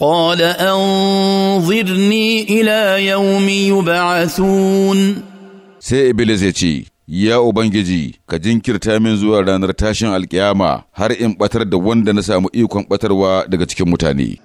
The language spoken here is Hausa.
قال انظرني الى يوم يبعثون sai Iblis ya ce, Ya Ubangiji, ka jinkirta min zuwa ranar tashin alkiyama har in ɓatar da wanda na samu ikon ɓatarwa daga cikin mutane.